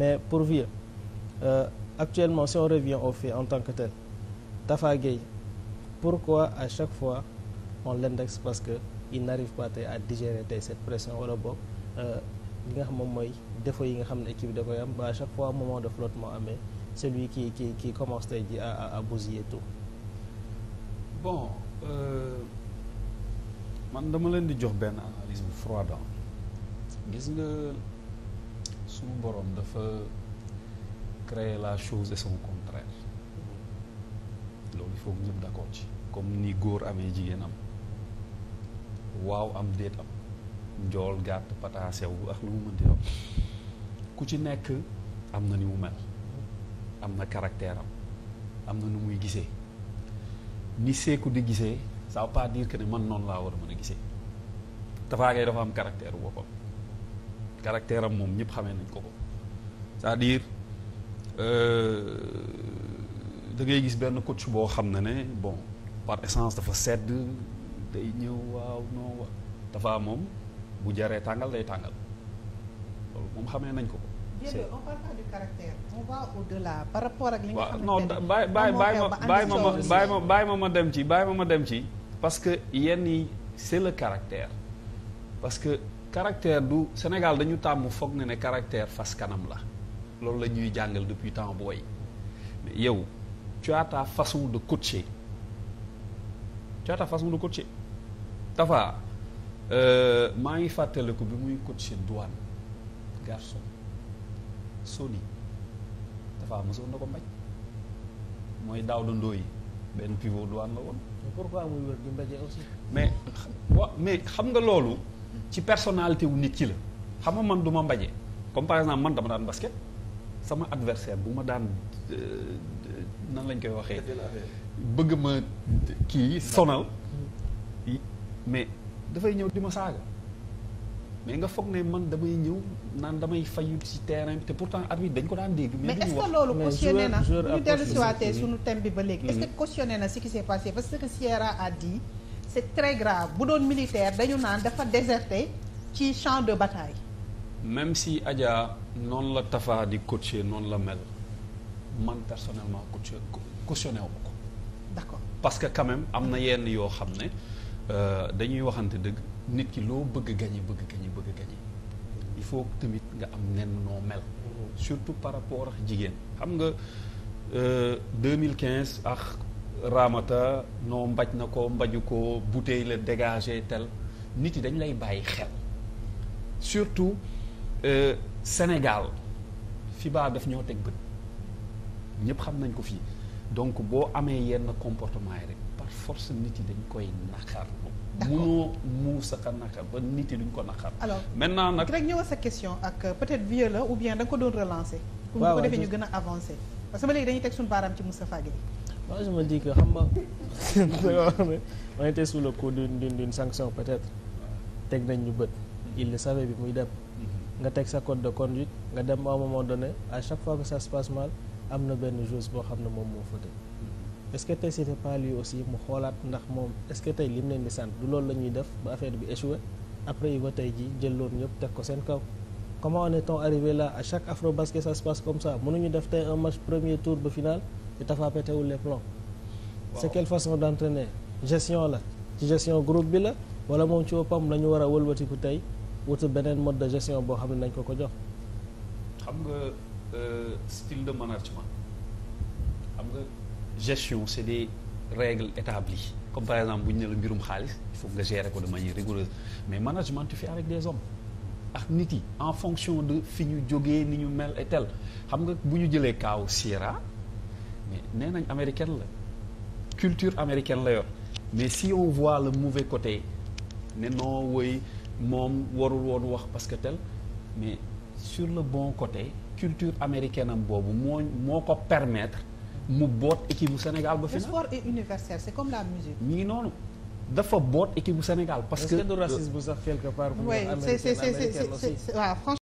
mais pour vieux euh, actuellement si on revient au fi en tant que tel Tafa Gueye pourquoi à chaque fois on l'indexe parce que il n'arrive pas tey à digérer tey cette pression wala boog euh, li nga xam moom mooy défaut yi nga xam ne équipe da koy am ba à chaque fois moment de flottement amee celui qui qui qui commence tey ji à à à tout. bon euh, man dama leen di jox benn analyse bu froide gis nga. suñu boroom dafa créer la chose et son contraire loolu il faut que ñëpp ci comme ni góor amee jigéen am waaw am déet am njool gàtt pata sew ak lu mu mënti am ku ci nekk am na ni mu mel am na caractère am na nu muy gisee ni seeku di gisee ça veut pas dire que ne man noonu laa war a mën a gisee tafaagee dafa am caractère boppam caractère am moom ñëpp xamee nañ ko ko c'est-à-dire euh, da ngay gis benn coach boo xam na ne bon par essence dafa sedd day ñëw waaw non dafa moom bu jaree tàngal day tàngal loolu moom xamee nañ ko ko. Diélo on parle par rapport ak ma ma bàyyi ma ma dem ci bàyyi ma ma dem ci parce que yenn yi c'est le caractère caractère du Sénégal dañu tàmm foog na ne caractère fas kanam la loolu la ñuy jàngal depuis temps booy mais yow tu as ta façon de coacher tu as façon de coacher Tafa euh, maa ngi fàttaliku bi muy coacher douane garçon Sony Tafa mosoon na ko mbaj mooy daaw da benn pivot douane la woon. mais mais xam nga loolu. ci personnalité wu nit ki la xam nga man du ma mbaje comme par exemple man dama daan basket sama adversaire bu ma daan euh, nan lañ koy waxee bëgg ma kii sonal mm. mais dafay ñëw di ma saaga mais nga foog ne man damay ñëw naan damay fayu ci terrain te pourtant arbitre dañ ko daan dégg. mais est loolu cautionné na bu ñu dellu siwaatee suñu thème bi ba léegi. est-ce que mm. na ce qui s'est passé parce que Sierra a dit. c'est très grave bu doon militaire dañu naan dafa déserté ci champ de bataay même si Adja noonu la Tafa di coacher noonu la mel man personnellement coacher cautionné wu ko. d'accord parce que quand même am na yenn yoo xam ne euh, dañuy waxante dëgg nit ki loo bëgg gañe bëgg gañe bëgg gañe il faut tamit nga am nenn noo mel. surtout par rapport ak jigéen xam nga 2015 euh, ak. raamata noo mbaj na ko mbaju ko bouteille la dégagé tel nit yi dañ lay bàyyi xel surtout euh, Sénégal FIBA daf ñoo teg bët ñëpp xam nañ ko fii donc boo amee yenn comportement yi rek par force nit yi dañ koy naqar munoo muus ak a naqar ba nit yi duñ ko naqar alors maintenant nag rek ñëwal sa question ak euh, peut-être vieux la ou bien da nga ko doon relancer pour ñu ko defee ñu gën a avancer parce que ba léegi dañuy teg suñu baaraam ci Moustapha Guèye moi je me dis que xam nga on était sous le coup d'une d'une d'une sanction peut-être teg nañ ñu bët il le bi muy dem nga teg sa code de conduite nga dem à un moment donné à chaque fois que ça mal am na benn chose boo xam ne moom moo fëte est-ce que tey c'était aussi mu xoolaat ndax moom est-ce que lim leen di sant du loolu la ñuy def ba affaire bi échoué après il va tey ji jël loolu ñëpp teg ko seen kaw comment en est-on arrivé là à chaque afro basket ça comme ça mënuñu tour ba ñu Tapha pété wul les plombs. waaw c'est quelle façon d'entraîner gestion la ci gestion groupe bi la wala moom ci boppam la ñu war a wëlbatiku tey wutu beneen mode de gestion boo xam ne nañ ko ko jox. xam nga euh, style de management xam nga gestion c'est des règles établies comme par exemple bu ñu ne la mbirum xaalis il faut nga gérer ko de rigoureuse mais management tu fi avec des hommes. ak nit yi en fonction de fi ñu jógee ni ñu mel et tel xam nga bu ñu jëlee kaaw Sierra. mais nee nañ américaine la culture américaine la yor mais si on voit le mauvais côté ne non woy moom warul woon wax parce que tel mais sur le bon côté culture américaine am boobu moo moo ko permetre mu boot équipe bu Sénégal ba. fi le sport est universel c'est comme la musique. mi ngi noonu dafa boot équipe Sénégal. parce que est-ce que du racisme sax quelque part. bu ñu américaine waaw franchement.